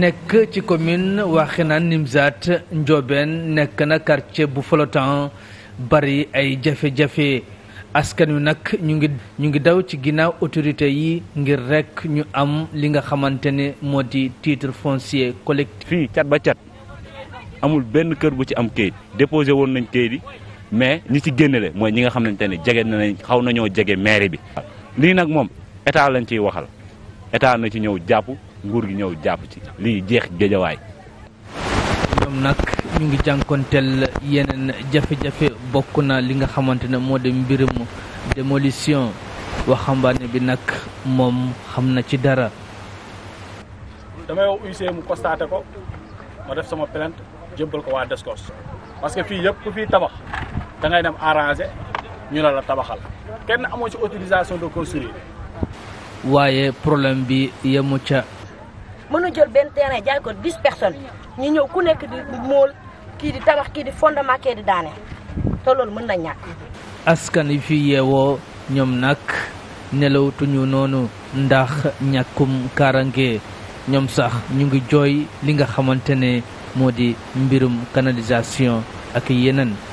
nekk ci commune Wakhinane Nimzatt Ndiobène nekk na quartier bu flottant bari ay jafe-jafe askan wi nag ñu ngi ñu ngi daw ci ginnaaw autorité yi ngir rek ñu am li nga xamante ne moo di titre foncier collectif. fii cat ba cat amul benn kër bu ci am kayit déposé woon nañ kayit yi mais ñi ci génnele mooy ñi nga xamante ne jege nañ xaw na nañoo jege mairie bi. lii nag moom état lañ ciy waxal état na ci ñëw jàpp. nguur gi ñëw jàpp ci lii jeex géejawaay ñoom nag ñu ngi jànkonteel yeneen jafe-jafe bokk na li nga xamante ne moo di mbirum démolition waxambaane bi nag moom xam na ci dara damay wax mu constaté ko ma def sama plainte jébbal ko waa Descos parce que fii yëpp ku fii tabax da dem arrangé ñu ne la tabaxal kenn amoo ci autorisation de construire waaye problème bi yemu ca mën a jël benn terrain jaay ko 10 personnes ñu ñëw ku nekk di mool kii di tabax kii di fondement kii di daane te mën na ñàkk. askan wi fi yeewoo ñoom nag nelawtuñu noonu ndax ñàkkum kaaraange ñoom sax ñu ngi jooy li nga xamante ne moo di mbirum canalisation ak yeneen.